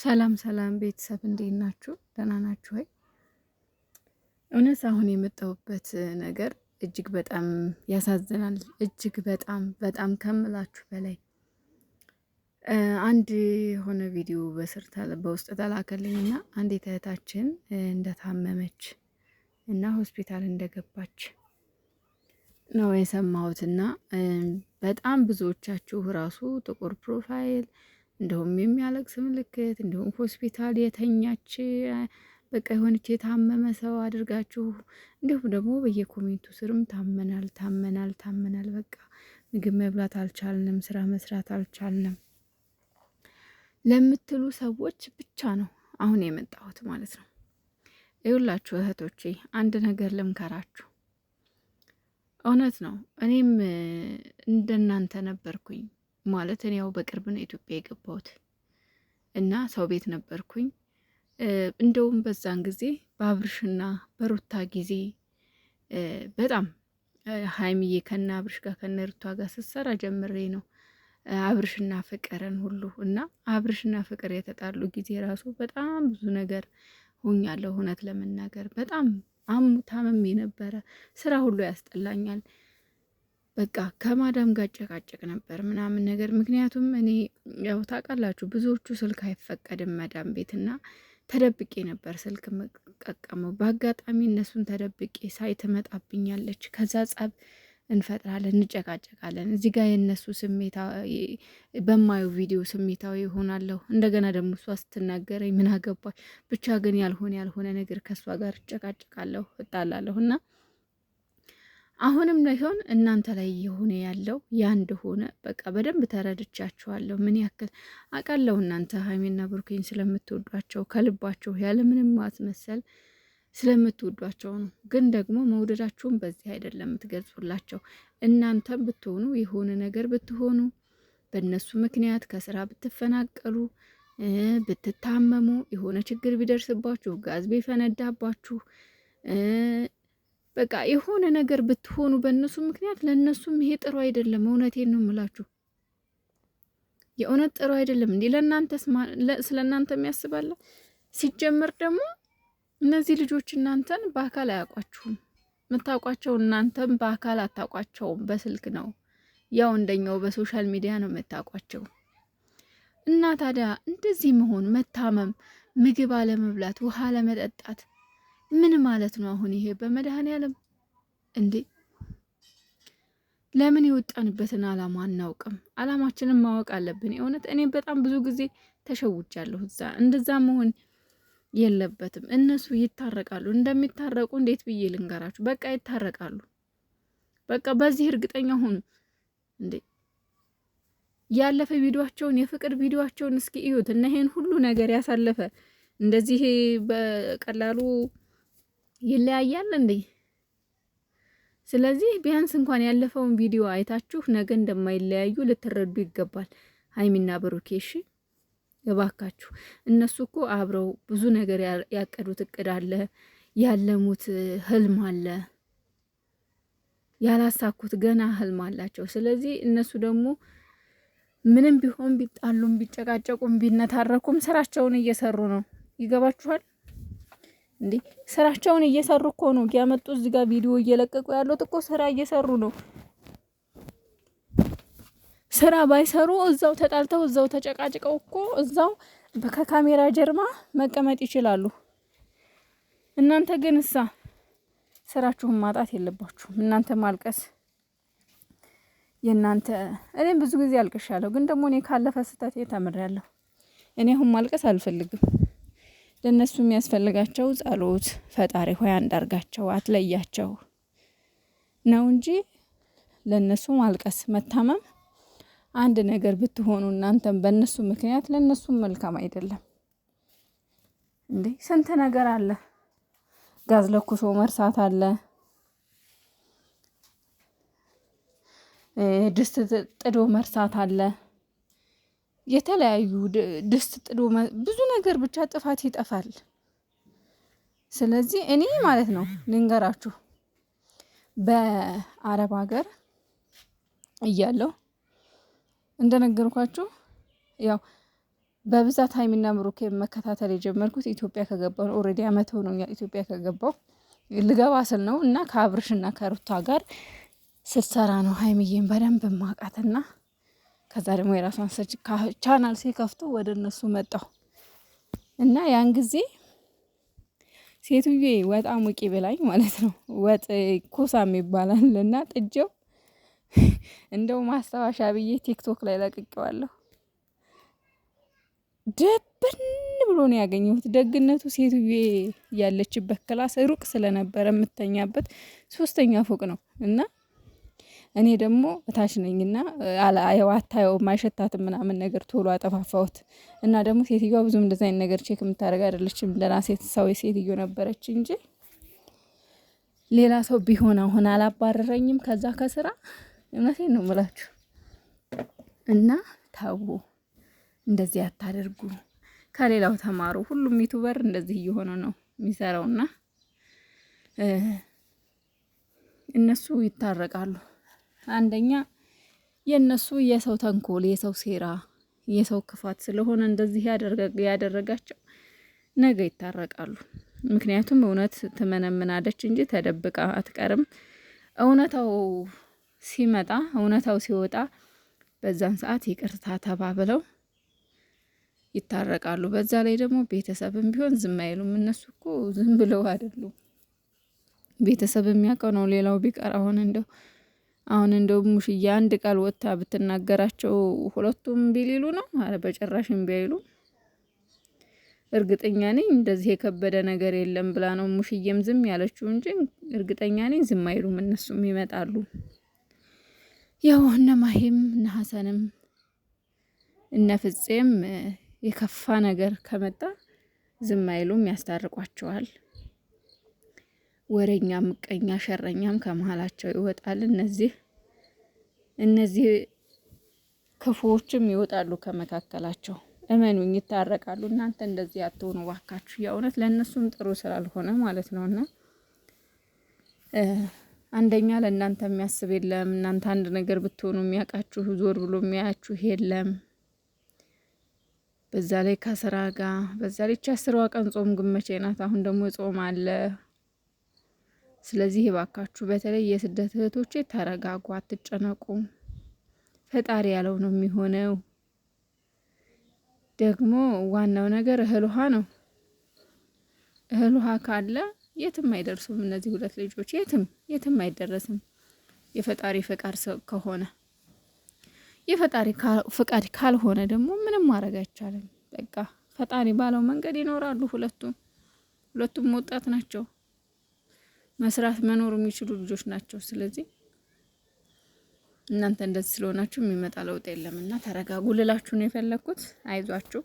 ሰላም ሰላም ቤተሰብ እንዴት ናችሁ? ደህና ናችሁ ወይ? እውነት አሁን የመጣሁበት ነገር እጅግ በጣም ያሳዝናል። እጅግ በጣም በጣም ከምላችሁ በላይ አንድ የሆነ ቪዲዮ በስር በውስጥ ተላከልኝ እና አንዲት እህታችን እንደታመመች እና ሆስፒታል እንደገባች ነው የሰማሁት እና በጣም ብዙዎቻችሁ ራሱ ጥቁር ፕሮፋይል እንደውም የሚያለቅስ ምልክት እንደውም ሆስፒታል የተኛች በቃ የሆነች የታመመ ሰው አድርጋችሁ እንዲሁም ደግሞ በየኮሜንቱ ስርም ታመናል ታመናል ታመናል፣ በቃ ምግብ መብላት አልቻልንም፣ ስራ መስራት አልቻልንም ለምትሉ ሰዎች ብቻ ነው አሁን የመጣሁት ማለት ነው። ይሁላችሁ እህቶቼ፣ አንድ ነገር ልምከራችሁ። እውነት ነው እኔም እንደናንተ ነበርኩኝ። ማለት እኔ ያው በቅርብ ነው ኢትዮጵያ የገባሁት እና ሰው ቤት ነበርኩኝ። እንደውም በዛን ጊዜ በአብርሽና በሩታ ጊዜ በጣም ሀይሚዬ ከነ አብርሽ ጋር ከነ ሩታ ጋር ስትሰራ ጀምሬ ነው አብርሽና ፍቅርን ሁሉ እና አብርሽና ፍቅር የተጣሉ ጊዜ ራሱ በጣም ብዙ ነገር ሆኛለሁ። እውነት ለመናገር በጣም አሙ ታመሜ ነበረ። ስራ ሁሉ ያስጠላኛል። በቃ ከማዳም ጋር ጨቃጨቅ ነበር ምናምን ነገር። ምክንያቱም እኔ ያው ታውቃላችሁ ብዙዎቹ ስልክ አይፈቀድም መዳም ቤትና ተደብቄ ነበር ስልክ የምጠቀመው። በአጋጣሚ እነሱን ተደብቄ ሳይ ትመጣብኛለች። ከዛ ጸብ እንፈጥራለን፣ እንጨቃጨቃለን። እዚህ ጋር የእነሱ ስሜታ በማዩ ቪዲዮ ስሜታዊ ይሆናለሁ። እንደገና ደግሞ እሷ ስትናገረኝ ምን አገባች ብቻ ግን ያልሆነ ያልሆነ ነገር ከእሷ ጋር እጨቃጨቃለሁ፣ እጣላለሁ እና አሁንም ላይሆን እናንተ ላይ የሆነ ያለው ያ እንደሆነ በቃ በደንብ ተረድቻችኋለሁ። ምን ያክል አውቃለሁ። እናንተ ሀይሜና ብሩኬን ስለምትወዷቸው ከልባቸው ያለምንም ማስመሰል ስለምትወዷቸው ነው። ግን ደግሞ መውደዳችሁን በዚህ አይደለም የምትገልጹላቸው። እናንተም ብትሆኑ የሆነ ነገር ብትሆኑ፣ በእነሱ ምክንያት ከስራ ብትፈናቀሉ፣ ብትታመሙ፣ የሆነ ችግር ቢደርስባችሁ፣ ጋዝ ቢፈነዳባችሁ በቃ የሆነ ነገር ብትሆኑ በእነሱ ምክንያት ለእነሱም ይሄ ጥሩ አይደለም። እውነቴን ነው የምላችሁ፣ የእውነት ጥሩ አይደለም። እንዲህ ለእናንተ ስለ እናንተ የሚያስባለ ሲጀመር ደግሞ እነዚህ ልጆች እናንተን በአካል አያውቋችሁም። የምታውቋቸው እናንተም በአካል አታውቋቸውም፣ በስልክ ነው ያው እንደኛው በሶሻል ሚዲያ ነው የምታውቋቸው። እና ታዲያ እንደዚህ መሆን መታመም፣ ምግብ አለመብላት፣ ውሃ አለመጠጣት ምን ማለት ነው አሁን ይሄ? በመድኃኔዓለም እንዴ! ለምን የወጣንበትን አላማ አናውቅም? አላማችንን ማወቅ አለብን። የእውነት እኔ በጣም ብዙ ጊዜ ተሸውጃለሁ። እዛ እንደዛ መሆን የለበትም። እነሱ ይታረቃሉ። እንደሚታረቁ እንዴት ብዬ ልንገራችሁ? በቃ ይታረቃሉ። በቃ በዚህ እርግጠኛ ሁኑ። እንዴ ያለፈ ቪዲዮቸውን የፍቅር ቪዲዮቸውን እስኪ እዩት እና ይሄን ሁሉ ነገር ያሳለፈ እንደዚህ በቀላሉ ይለያያል እንዴ? ስለዚህ ቢያንስ እንኳን ያለፈውን ቪዲዮ አይታችሁ ነገ እንደማይለያዩ ልትረዱ ይገባል። ሀይሚና ብሩኬ እሺ፣ እባካችሁ እነሱ እኮ አብረው ብዙ ነገር ያቀዱት እቅድ አለ፣ ያለሙት ህልም አለ፣ ያላሳኩት ገና ህልም አላቸው። ስለዚህ እነሱ ደግሞ ምንም ቢሆን ቢጣሉም ቢጨቃጨቁም ቢነታረኩም ስራቸውን እየሰሩ ነው። ይገባችኋል? እንዴ ስራቸውን እየሰሩ እኮ ነው ያመጡ እዚህ ጋር ቪዲዮ እየለቀቁ ያሉት እኮ ስራ እየሰሩ ነው። ስራ ባይሰሩ እዛው ተጣልተው እዛው ተጨቃጭቀው እኮ እዛው ከካሜራ ጀርባ መቀመጥ ይችላሉ። እናንተ ግን እሳ ስራችሁን ማጣት የለባችሁም። እናንተ ማልቀስ የእናንተ እኔም ብዙ ጊዜ አልቅሻለሁ፣ ግን ደግሞ እኔ ካለፈ ስህተቴ ተምሬያለሁ። እኔ አሁን ማልቀስ አልፈልግም። ለእነሱ የሚያስፈልጋቸው ጸሎት፣ ፈጣሪ ሆይ አንዳርጋቸው፣ አትለያቸው ነው እንጂ ለእነሱ ማልቀስ፣ መታመም አንድ ነገር ብትሆኑ እናንተም በእነሱ ምክንያት ለእነሱም መልካም አይደለም። እንዴ ስንት ነገር አለ። ጋዝ ለኩሶ መርሳት አለ። ድስት ጥዶ መርሳት አለ። የተለያዩ ድስት ጥዶ ብዙ ነገር ብቻ ጥፋት ይጠፋል። ስለዚህ እኔ ማለት ነው ልንገራችሁ፣ በአረብ ሀገር እያለሁ እንደነገርኳችሁ ያው በብዛት ሀይሚና ብሩኬ መከታተል የጀመርኩት ኢትዮጵያ ከገባሁ ኦልሬዲ አመት ሆኖኛል። ኢትዮጵያ ከገባሁ ልገባ ስል ነው እና ከአብርሽና ከሩታ ጋር ስትሰራ ነው ሀይሚዬን በደንብ ማቃትና ከዛ ደግሞ የራሷን ሰርች ቻናል ሲከፍቱ ወደ እነሱ መጣሁ እና ያን ጊዜ ሴትዬ ወጥ አሙቂ ብላኝ ማለት ነው። ወጥ ኩሳም ይባላል እና ጥጀው እንደው ማስታወሻ ብዬ ቲክቶክ ላይ ለቅቄዋለሁ። ደብን ብሎ ነው ያገኘሁት። ደግነቱ ሴትዬ ያለችበት ክላስ ሩቅ ስለነበረ የምተኛበት ሶስተኛ ፎቅ ነው እና እኔ ደግሞ እታች ነኝና አታየውም አይሸታትም ምናምን ነገር ቶሎ አጠፋፋሁት እና ደግሞ ሴትዮዋ ብዙም እንደዚ አይነት ነገር ቼክ የምታደርግ አይደለችም። ደህና ሴት ሰው ሴትዮ ነበረች እንጂ ሌላ ሰው ቢሆን አሁን አላባረረኝም ከዛ ከስራ እውነቴን ነው የምላችሁ። እና ታው እንደዚህ አታደርጉ፣ ከሌላው ተማሩ። ሁሉም ዩቱበር እንደዚህ እየሆነ ነው የሚሰራውና እነሱ ይታረቃሉ። አንደኛ የነሱ የሰው ተንኮል፣ የሰው ሴራ፣ የሰው ክፋት ስለሆነ እንደዚህ ያደረጋቸው ነገ ይታረቃሉ። ምክንያቱም እውነት ትመነምናለች እንጂ ተደብቃ አትቀርም። እውነታው ሲመጣ እውነታው ሲወጣ በዛን ሰዓት ይቅርታ ተባብለው ይታረቃሉ። በዛ ላይ ደግሞ ቤተሰብም ቢሆን ዝም አይሉም። እነሱ እኮ ዝም ብለው አይደሉም። ቤተሰብ የሚያውቀው ነው። ሌላው ቢቀር አሁን እንደው አሁን እንደው ሙሽዬ አንድ ቃል ወጥታ ብትናገራቸው ሁለቱም ቢሊሉ ነው። አረ በጭራሽ እምቢ አይሉም። እርግጠኛ ነኝ እንደዚህ የከበደ ነገር የለም ብላ ነው ሙሽዬም ዝም ያለችው እንጂ እርግጠኛ ነኝ ዝም አይሉም፣ እነሱም ይመጣሉ። ያው እነ ማሂም እነ ሀሰንም እነ ፍጼም የከፋ ነገር ከመጣ ዝም አይሉም፣ ያስታርቋቸዋል። ወረኛ፣ ምቀኛ፣ ሸረኛም ከመሀላቸው ይወጣል። እነዚህ እነዚህ ክፉዎችም ይወጣሉ ከመካከላቸው። እመኑኝ፣ ይታረቃሉ። እናንተ እንደዚህ አትሆኑ ባካችሁ። የእውነት ለእነሱም ጥሩ ስላልሆነ ማለት ነው እና አንደኛ ለእናንተ የሚያስብ የለም። እናንተ አንድ ነገር ብትሆኑ የሚያውቃችሁ ዞር ብሎ የሚያያችሁ የለም። በዛ ላይ ከስራ ጋር በዛ ላይ ቻ አስሯ ቀን ጾም ግመቼ ናት። አሁን ደግሞ ጾም አለ። ስለዚህ እባካችሁ በተለይ የስደት እህቶቼ ተረጋጉ፣ አትጨነቁ። ፈጣሪ ያለው ነው የሚሆነው። ደግሞ ዋናው ነገር እህል ውሃ ነው። እህል ውሃ ካለ የትም አይደርሱም እነዚህ ሁለት ልጆች፣ የትም የትም አይደረስም። የፈጣሪ ፈቃድ ከሆነ የፈጣሪ ፈቃድ ካልሆነ ደግሞ ምንም ማድረግ አይቻልም። በቃ ፈጣሪ ባለው መንገድ ይኖራሉ። ሁለቱም ሁለቱም መውጣት ናቸው። መስራት መኖር የሚችሉ ልጆች ናቸው። ስለዚህ እናንተ እንደዚህ ስለሆናችሁ የሚመጣ ለውጥ የለም እና ተረጋጉ ልላችሁ ነው የፈለግኩት። አይዟችሁ።